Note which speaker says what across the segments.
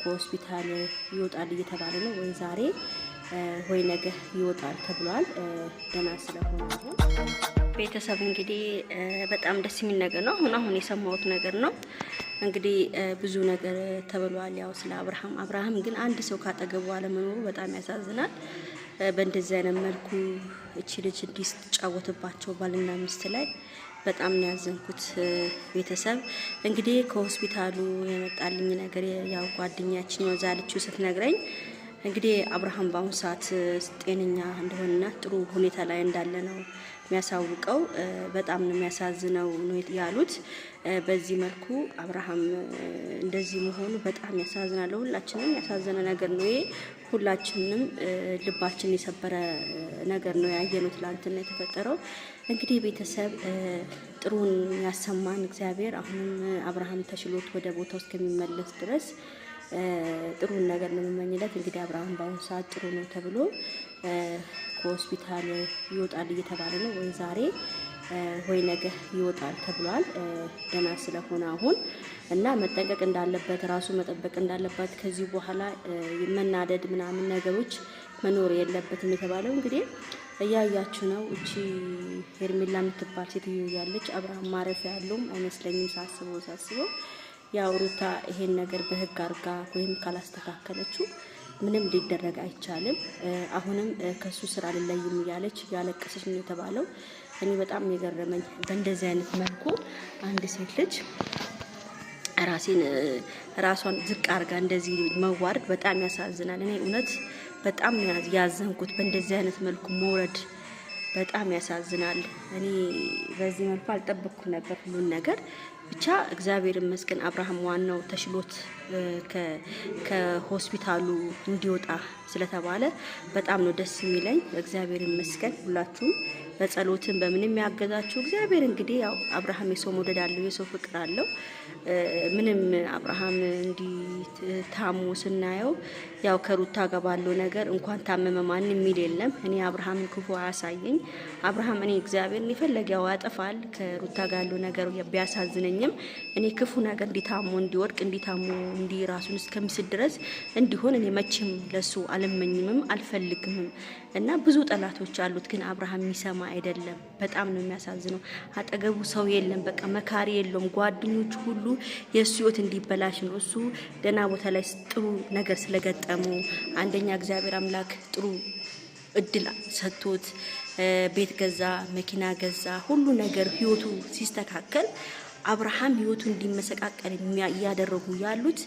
Speaker 1: ከሆስፒታል ይወጣል እየተባለ ነው። ወይ ዛሬ ወይ ነገ ይወጣል ተብሏል። ደህና ስለሆነ
Speaker 2: ቤተሰብ እንግዲህ በጣም ደስ የሚል ነገር ነው። አሁን አሁን የሰማሁት ነገር ነው። እንግዲህ ብዙ ነገር ተብሏል ያው ስለ አብርሃም። አብርሃም ግን አንድ ሰው ካጠገቡ አለመኖሩ በጣም ያሳዝናል። በእንደዚህ አይነት መልኩ እቺ ልጅ እንዲጫወትባቸው ባልና ሚስት ላይ በጣም ነው ያዘንኩት። ቤተሰብ እንግዲህ ከሆስፒታሉ የመጣልኝ ነገር ያው ጓደኛችን ዛልችው ስትነግረኝ እንግዲህ አብርሃም በአሁኑ ሰዓት ጤነኛ እንደሆነና ጥሩ ሁኔታ ላይ እንዳለ ነው የሚያሳውቀው። በጣም ነው የሚያሳዝነው ነው ያሉት። በዚህ መልኩ አብርሃም እንደዚህ መሆኑ በጣም ያሳዝናል። ሁላችንም ያሳዘነ ነገር ነው ይሄ። ሁላችንም ልባችን የሰበረ ነገር ነው ያየነው ትላንትና የተፈጠረው። እንግዲህ ቤተሰብ ጥሩን ያሰማን እግዚአብሔር። አሁንም አብርሃም ተሽሎት ወደ ቦታው እስከሚመለስ ድረስ ጥሩን ነገር ነው የምመኝለት። እንግዲህ አብርሃም በአሁኑ ሰዓት ጥሩ ነው ተብሎ ከሆስፒታል ይወጣል እየተባለ ነው ወይ ዛሬ ወይ ነገ ይወጣል ተብሏል። ደህና ስለሆነ አሁን እና መጠንቀቅ እንዳለበት ራሱ መጠበቅ እንዳለበት ከዚህ በኋላ መናደድ ምናምን ነገሮች መኖር የለበትም የተባለው እንግዲህ እያያችሁ ነው። እቺ ሄርሜላ የምትባል ሴትዮ ያለች አብርሃም ማረፊያ ያለውም አይመስለኝም ሳስበው ሳስበው የአውሩታ ይሄን ነገር በህግ አርጋ ወይም ካላስተካከለችው ምንም ሊደረግ አይቻልም። አሁንም ከሱ ስራ ልለይም እያለች ያለቀሰች ነው የተባለው። እኔ በጣም የገረመኝ በእንደዚህ አይነት መልኩ አንድ ሴት ልጅ ራሴን ራሷን ዝቅ አርጋ እንደዚህ መዋረድ በጣም ያሳዝናል። እኔ እውነት በጣም ያዘንኩት በእንደዚህ አይነት መልኩ መውረድ በጣም ያሳዝናል። እኔ በዚህ መልኩ አልጠበቅኩም ነበር ሁሉን ነገር ብቻ እግዚአብሔር ይመስገን አብርሃም ዋናው ተሽሎት ከሆስፒታሉ እንዲወጣ ስለተባለ በጣም ነው ደስ የሚለኝ። እግዚአብሔር ይመስገን ሁላችሁም በጸሎትን በምንም ያገዛችሁ እግዚአብሔር እንግዲህ ያው አብርሃም የሰው መውደድ አለው፣ የሰው ፍቅር አለው። ምንም አብርሃም እንዲህ ታሞ ስናየው ያው ከሩታ ጋር ባለው ነገር እንኳን ታመመ ማን የሚል የለም። እኔ አብርሃምን ክፉ አያሳየኝ። አብርሃም እኔ እግዚአብሔር የፈለገ ያው ያጠፋል። ከሩታ ጋር ያለው ነገር ቢያሳዝነኝም እኔ ክፉ ነገር እንዲታሞ እንዲወድቅ እንዲታሞ እንዲ ራሱን እስከሚስት ድረስ እንዲሆን እኔ መቼም ለሱ አልመኝምም አልፈልግምም እና ብዙ ጠላቶች አሉት ግን አብርሃም ይሰማል አይደለም። በጣም ነው የሚያሳዝነው። አጠገቡ ሰው የለም፣ በቃ መካሪ የለውም። ጓደኞቹ ሁሉ የእሱ ህይወት እንዲበላሽ ነው። እሱ ደህና ቦታ ላይ ጥሩ ነገር ስለገጠሙ አንደኛ እግዚአብሔር አምላክ ጥሩ እድል ሰጥቶት ቤት ገዛ፣ መኪና ገዛ፣ ሁሉ ነገር ህይወቱ ሲስተካከል አብርሃም ህይወቱ እንዲመሰቃቀል እያደረጉ ያሉት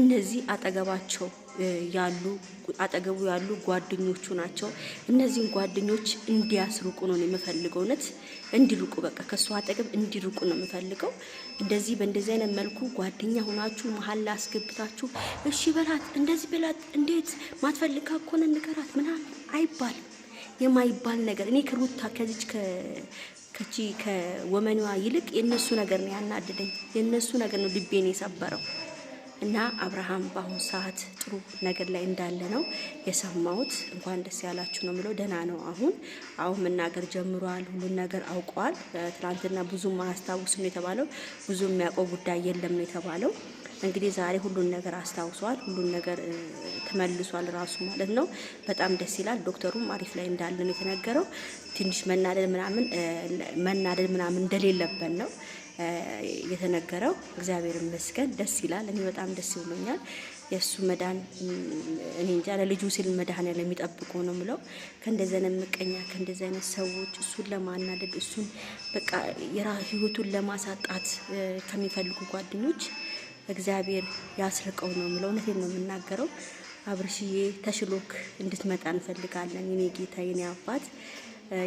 Speaker 2: እነዚህ አጠገባቸው ያሉ አጠገቡ ያሉ ጓደኞቹ ናቸው። እነዚህን ጓደኞች እንዲያስርቁ ነው የምፈልገው። እውነት እንዲርቁ፣ በቃ ከእሱ አጠገብ እንዲርቁ ነው የምፈልገው። እንደዚህ በእንደዚህ አይነት መልኩ ጓደኛ ሆናችሁ መሀል ላይ አስገብታችሁ እሺ በላት እንደዚህ በላት እንዴት ማትፈልግ ከሆነ ንገራት ምናምን አይባልም። የማይባል ነገር እኔ ከሩታ ከዚች ከቺ ከወመኗ ይልቅ የእነሱ ነገር ነው ያናደደኝ። የእነሱ ነገር ነው ልቤን የሰበረው። እና አብርሃም በአሁኑ ሰዓት ጥሩ ነገር ላይ እንዳለ ነው የሰማሁት። እንኳን ደስ ያላችሁ ነው ብለው ደህና ነው። አሁን አሁን መናገር ጀምሯል። ሁሉን ነገር አውቀዋል። ትናንትና ብዙም አያስታውስም የተባለው ብዙ የሚያውቀው ጉዳይ የለም ነው የተባለው። እንግዲህ ዛሬ ሁሉን ነገር አስታውሷል። ሁሉን ነገር ተመልሷል ራሱ ማለት ነው። በጣም ደስ ይላል። ዶክተሩም አሪፍ ላይ እንዳለ ነው የተነገረው። ትንሽ መናደድ ምናምን መናደድ ምናምን እንደሌለበት ነው የተነገረው። እግዚአብሔር ይመስገን ደስ ይላል። እኔ በጣም ደስ ብሎኛል። የእሱ መዳን እኔ እንጃ ለልጁ ሲል መድኃኔዓለም የሚጠብቁ ነው ምለው ከእንደዚህ አይነት ምቀኛ ከእንደዚህ አይነት ሰዎች እሱን ለማናደድ እሱን በቃ የራ ህይወቱን ለማሳጣት ከሚፈልጉ ጓደኞች እግዚአብሔር ያስርቀው ነው ምለው። እውነቴን ነው የምናገረው። አብርሽዬ ተሽሎክ እንድትመጣ እንፈልጋለን። የኔ ጌታ፣ የኔ አባት፣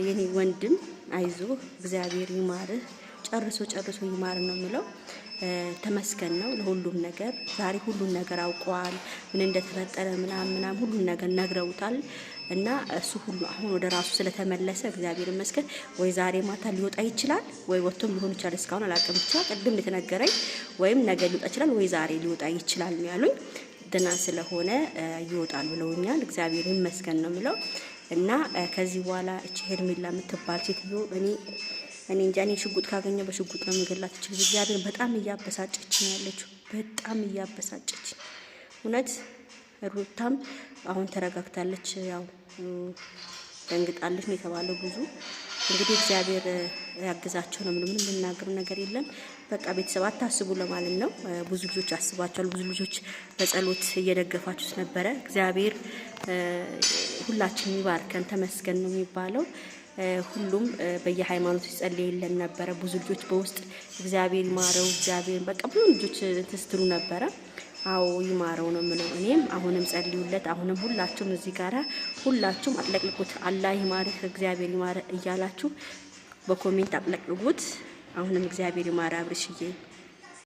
Speaker 2: የኔ ወንድም አይዞ እግዚአብሔር ይማርህ። ጨርሶ ጨርሶ ይማር ነው የምለው። ተመስገን ነው ለሁሉም ነገር። ዛሬ ሁሉን ነገር አውቀዋል። ምን እንደተፈጠረ ምናም ምናም ሁሉን ነገር ነግረውታል። እና እሱ ሁሉ አሁን ወደ ራሱ ስለተመለሰ እግዚአብሔር ይመስገን። ወይ ዛሬ ማታ ሊወጣ ይችላል፣ ወይ ወጥቶም ሊሆን ይችላል። እስካሁን አላውቅም። ብቻ ቅድም የተነገረኝ ወይም ነገ ሊወጣ ይችላል፣ ወይ ዛሬ ሊወጣ ይችላል ነው ያሉኝ። ደህና ስለሆነ ይወጣል ብለውኛል። እግዚአብሔር ይመስገን ነው የምለው እና ከዚህ በኋላ እቺ ሄርሜላ የምትባል ሴትዮ እኔ እኔ እንጃ። እኔ ሽጉጥ ካገኘው በሽጉጥ ነው የምገላት። እችል እግዚአብሔር በጣም እያበሳጨች ነው ያለችው። በጣም እያበሳጨች እውነት። ሩታም አሁን ተረጋግታለች። ያው ደንግጣለች ነው የተባለው። ብዙ እንግዲህ እግዚአብሔር ያግዛቸው ነው። ምንም የምናገር ነገር የለም። በቃ ቤተሰብ አታስቡ ለማለት ነው። ብዙ ልጆች አስባቸዋል። ብዙ ልጆች በጸሎት እየደገፋችሁት ነበረ እግዚአብሔር ሁላችን ይባርከን ተመስገን ነው የሚባለው። ሁሉም በየሃይማኖቱ ይጸልይ የለን ነበረ። ብዙ ልጆች በውስጥ እግዚአብሔር ይማረው እግዚአብሔር በቃ ብዙ ልጆች ትስትሉ ነበረ። አዎ ይማረው ነው የምለው እኔም። አሁንም ጸልዩለት። አሁንም ሁላችሁም እዚህ ጋራ ሁላችሁም አጥለቅልቁት። አላህ ይማርህ እግዚአብሔር ይማረ እያላችሁ በኮሜንት አጥለቅልቁት። አሁንም እግዚአብሔር ይማረ አብርሽዬ